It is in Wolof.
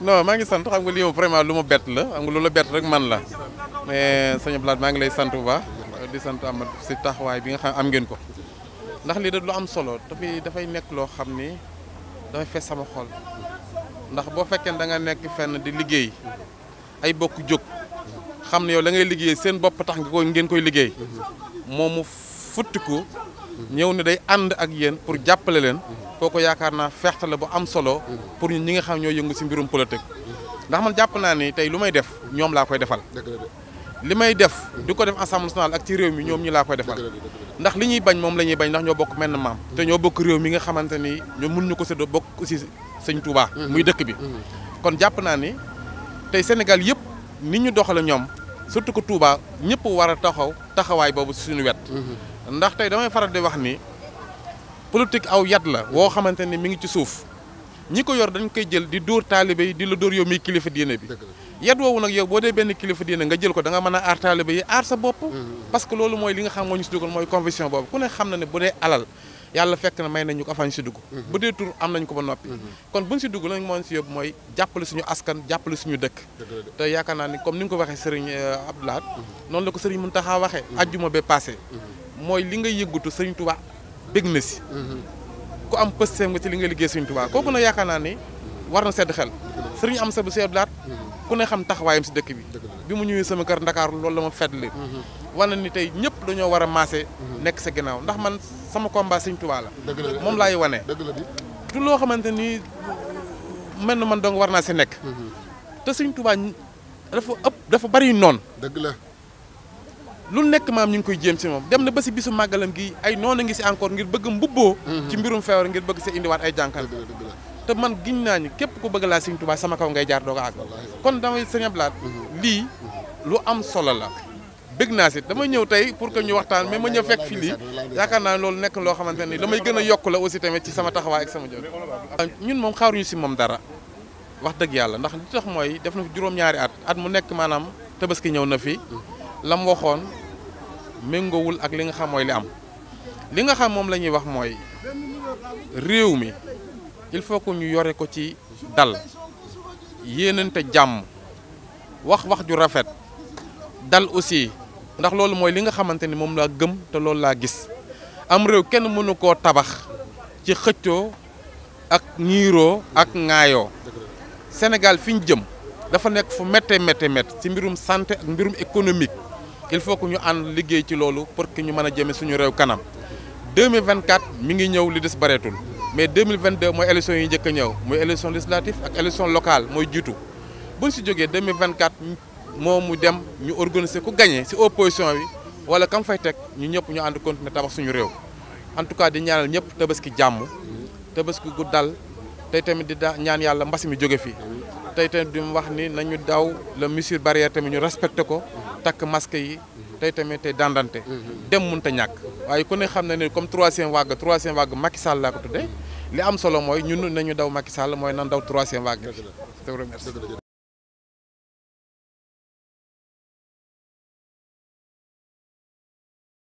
no maa ngi sant xam nga lii moom vraiment lu ma bett la xam nga lu la bett rek man la mais sëñ Blaat maa ngi lay sant bu baax di sant Amad si taxawaay bi nga xam am ngeen ko ndax lii da lu am solo dafay dafay nekk loo xam ni dafay fees sama xol ndax boo fekkee da nga nekk fenn di liggéey ay bokk jóg xam ne yow la ngay liggéey seen bopp tax nga koy ngeen koy liggéey moom mu futtiku ñëw ne day ànd ak yéen pour jàppale leen kooku yaakaar naa feexte la bu am solo pour ñun ñi nga xam ñoo yëngu si mbirum politique ndax man jàpp naa ni tey lu may def ñoom laa koy defal li may def di ko def assemblée nationale ak ci réew mi ñoom ñi laa koy defal ndax li ñuy bañ moom la ñuy bañ ndax ñoo bokk menn maam te ñoo bokk réew mi nga xamante ni ñoom mun ñu ko séddoo bokk aussi sëñ Touba mm-hmm. muy dëkk bi mm-hmm. kon jàpp naa ni tey Sénégal yëpp ni ñu doxale ñoom surtout ko Touba ñëpp war a taxaw taxawaay boobu suñu wet mm-hmm. ndax damay faral di wax ni politique aw yat la woo xamante ni mi ngi ci suuf ñi ko yor dañ koy jël di dóor taalibe yi di la dóor yow miy kilifa diine bi yat woowu nag yow boo dee benn kilifa diine nga jël ko da nga mën a aar taalibe yi aar sa bopp mm-hmm. parce que loolu mooy li nga xam moo ñu si mooy conviction boobu ku xam na ne bu dee alal yàlla fekk na may nañu ko afaan si dugg mm-hmm. bu dee tur am nañ ko ba noppi mm-hmm. kon buñ si dugg lañ moon si yóbbu mooy jàppale suñu askan jàppale suñu dëkk te yaakaar naa ni comme ni nga ko waxee sëriñ euh, Abdou Lahad noonu la ko sëriñ Mountakha waxee ajjuma ba passé mooy li nga yëggatu sëriñ Touba bëgg na si ku am pëstéef nga ci li nga liggéey Sëriñ Tuubaa kooku na yaakaar naa ni war na sedd xel sëriñ am sa bu seeb laat ku ne xam taxawaayam si dëkk bi bi mu ñëwee sama kër Ndakaaru loolu la ma fetli wane ni tey ñëpp dañoo war a maase nekk sa ginnaaw ndax man sama combat Sëriñ Tuubaa la moom laay wane du loo xamante ni mel na man dong war naa si nekk mhm. te Sëriñ Tuubaa dafa ëpp dafa bari noonu dëgg la lu nekk maam ñu ngi koy jéem si moom dem na ba si bisu màggalam gi ay noonu ngi si encore ngir bëgg mbubboo mhm. ci mbirum feewar ngir bëgg si indiwaat ay jànkal te man giñ naa ni képp ku bëgg laa Sëriñ Tuubaa sama kaw ngay jaar doo ko àgg kon damay mhm. lii mhm. lu am solo la bëgg naa si dama ñëw tey pour que ñu waxtaan mais ma ñëw fekk fii lii yaakaar naa loolu nekk loo xamante ni damay gën a yokk la aussi tamit ci sama taxawaay ak sama jëf ñun moom xaaruñu si moom dara wax dëgg yàlla ndax li tax mooy def na fi juróom-ñaari at at mu nekk maanaam tabaski ñëw na fi lam waxoon méngowul ak li nga xamooy li am li nga xam moom la ñuy wax mooy réew mi il faut que ñu yore ko ci dal yéenante jàmm wax wax ju rafet dal aussi ndax loolu mooy li nga xamante ni moom laa gëm te loolu laa gis am réew kenn mënu koo tabax ci xëccoo ak ñiiroo ak ŋaayoo senegal fi ñu jëm dafa nekk fu méttee méttee méttee ci mbirum santé ak mbirum économique il faut que ñu ànd liggéey ci loolu pour que ñu mën a jëme suñu réew kanam 2024 mi ngi ñëw li des bareetul mais 2022 mooy élection yi njëkk a ñëw mooy élection législative ak élection locale mooy jiitu buñ si jógee 2024 moo mu dem ñu organiser ku gagné si opposition bi wala kam fay teg ñu ñëpp ñu ànd continuer tabax suñu réew en tout cas di ñaanal ñëpp tabaski jàmm tabaski gu dal tey tamit di daa ñaan yàlla mbas mi jóge fii tey tamit bi mu wax ni nañu daw la mesure barrière tamit ñu respecté ko takk masque yi tey tamit tey dandante dem mënut a ñàkk waaye ku ne xam na ne comme troisième vague troisième vague Macky Sall laa ko tuddee li am solo mooy ñun nañu daw Macky Sall mooy nan daw troisième vague bi.